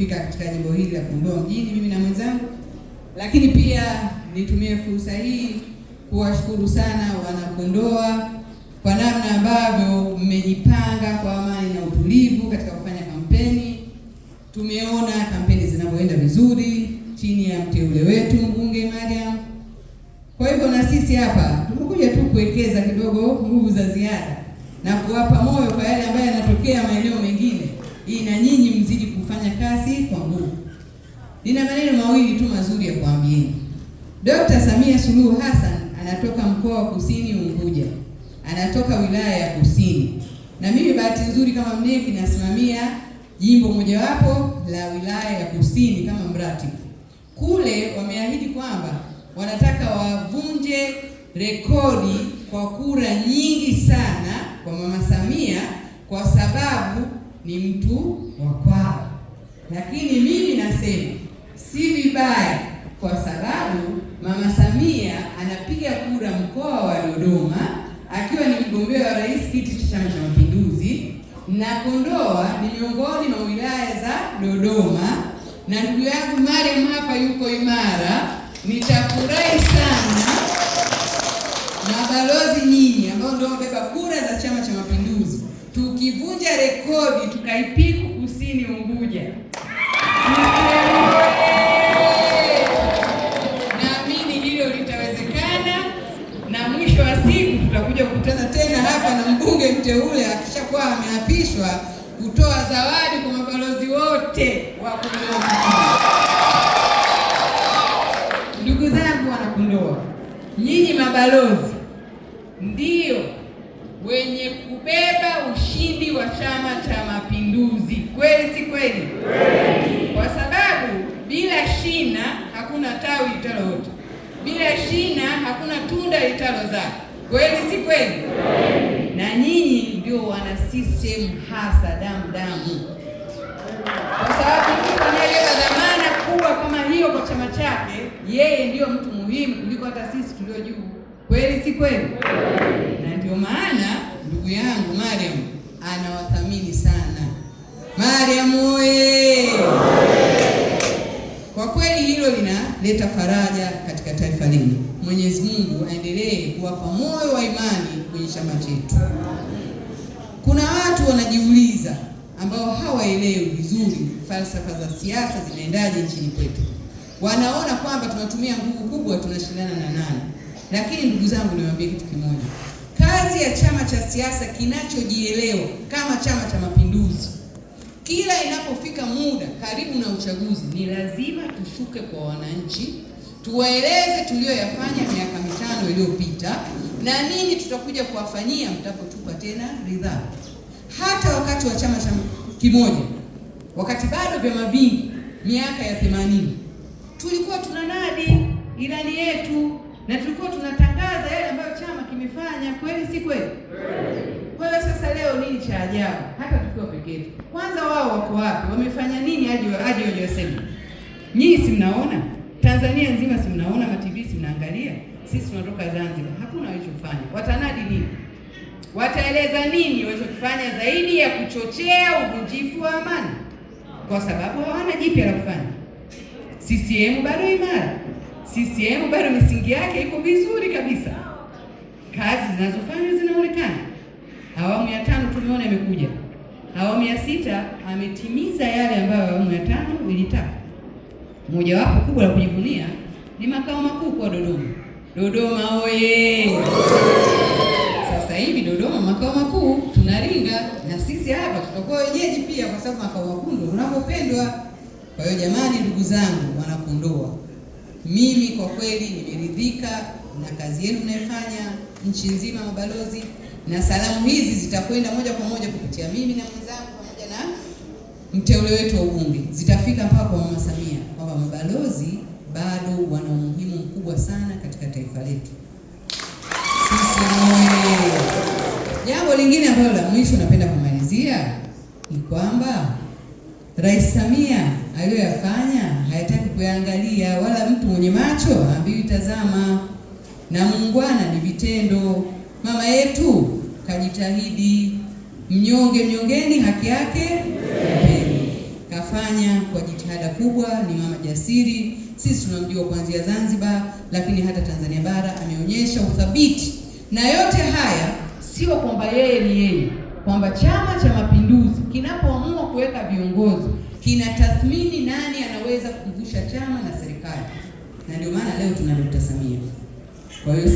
kufika katika jimbo hili la Kondoa mjini mimi na mwenzangu, lakini pia nitumie fursa hii kuwashukuru sana wanakondoa kwa namna ambavyo mmejipanga kwa amani na utulivu katika kufanya kampeni. Tumeona kampeni zinavyoenda vizuri chini ya mteule wetu mbunge Mariam. Kwa hivyo na sisi hapa tumekuja tu kuwekeza kidogo nguvu za ziada na kuwapa moyo kwa yale ambayo yanatokea maeneo mengine ili na nyinyi mzidi kufanya kazi kwa nguvu. Nina maneno mawili tu mazuri ya kuambieni. Dr. Samia Suluhu Hassan anatoka mkoa wa Kusini Unguja, anatoka wilaya ya Kusini, na mimi bahati nzuri kama mneki nasimamia jimbo mojawapo la wilaya ya Kusini kama mratibu. Kule wameahidi kwamba wanataka wavunje rekodi kwa kura nyingi sana kwa mama Samia kwa sababu ni mtu wa kwao, lakini mimi nasema si vibaya, kwa sababu Mama Samia anapiga kura mkoa wa Dodoma akiwa ni mgombea wa rais kiti cha Chama cha Mapinduzi, na Kondoa ni miongoni mwa wilaya za Dodoma, na ndugu yangu Mariam hapa yuko imara. Nitafurahi sana mabalozi nyinyi ambao ndio wabeba kura za Chama cha Mapinduzi tukivunja rekodi tukaipiku kusini Unguja naamini hilo litawezekana, na mwisho wa siku tutakuja kukutana tena hapa na mbunge mteule akishakuwa ameapishwa kutoa zawadi kwa mabalozi wote wa Kondoa. Ndugu zangu wanakondoa, nyinyi mabalozi ndio wenye kubeba ushindi wa Chama cha Mapinduzi. Kweli si kweli? Kwa sababu bila shina hakuna tawi litaloota, bila shina hakuna tunda litalozaa. Kweli si kweli? Na nyinyi ndio wana CCM hasa damu damu, kwa sababu mtu anayebeba dhamana kubwa kama hiyo kwa chama chake, yeye ndiyo mtu muhimu kuliko hata sisi tulio juu. Kweli si kweli? na ndio maana ndugu yangu Mariam anawathamini sana. Mariam oye! Kwa kweli hilo linaleta faraja katika taifa lenu. Mwenyezi Mungu aendelee kuwapa moyo wa imani kwenye chama chetu. Kuna watu wanajiuliza ambao hawaelewi vizuri falsafa za siasa zinaendaje nchini kwetu. Wanaona kwamba tunatumia nguvu kubwa, tunashindana na nani? Lakini ndugu zangu, niwaambie kitu kimoja kazi ya chama cha siasa kinachojielewa kama Chama cha Mapinduzi, kila inapofika muda karibu na uchaguzi, ni lazima tushuke kwa wananchi, tuwaeleze tuliyoyafanya miaka mitano iliyopita na nini tutakuja kuwafanyia mtapotupa tena ridhaa. Hata wakati wa chama cha kimoja, wakati bado vyama vingi, miaka ya themanini, tulikuwa tunanadi ilani yetu na tulikuwa tunatangaza yale ambayo chama kimefanya, kweli si kweli? Kwa hiyo sasa leo nini cha ajabu, hata tukiwa pekee, Kwanza wao wako wapi? Wamefanya nini hadi waliosema? Nyinyi si mnaona Tanzania nzima, si mnaona mativi, si mnaangalia? Sisi tunatoka Zanzibar, hakuna walichofanya. Watanadi nini? Wataeleza nini walichofanya zaidi ya kuchochea uvunjifu wa amani? Kwa sababu hawana jipya la kufanya. CCM bado imara CCM bado misingi yake iko vizuri kabisa, kazi zinazofanywa zinaonekana. Awamu ya tano tumeona imekuja, awamu ya sita ametimiza yale ambayo awamu ya tano ilitaka. Mojawapo kubwa la kujivunia ni makao makuu kwa Dodoma. Dodoma oye! Sasa hivi Dodoma makao makuu tunaringa, na sisi hapa tutakuwa wenyeji pia, kwa sababu makao makuu ndio tunapopendwa. Kwa hiyo jamani, ndugu zangu wanakondoa mimi kwa kweli nimeridhika na kazi yenu mnayofanya nchi nzima, mabalozi, na salamu hizi zitakwenda moja kwa moja kupitia mimi na mwenzangu pamoja na mteule wetu wa ubunge, zitafika mpaka kwa Mama Samia kwamba mabalozi bado wana umuhimu mkubwa sana katika taifa letu. Jambo lingine ambalo la mwisho napenda kumalizia ni kwamba Rais Samia aliyoyafanya hayataki kuyaangalia, wala mtu mwenye macho ambiwi tazama, na muungwana ni vitendo. Mama yetu kajitahidi, mnyonge mnyongeni haki yake mpeni, kafanya kwa jitihada kubwa, ni mama jasiri. Sisi tunamjua kuanzia Zanzibar, lakini hata Tanzania bara ameonyesha uthabiti, na yote haya sio kwamba yeye ni yeye kwamba Chama cha Mapinduzi kinapoamua kuweka viongozi kinatathmini nani anaweza kuzusha chama na serikali, na ndio maana leo tuna Dkt. Samia. Kwa hiyo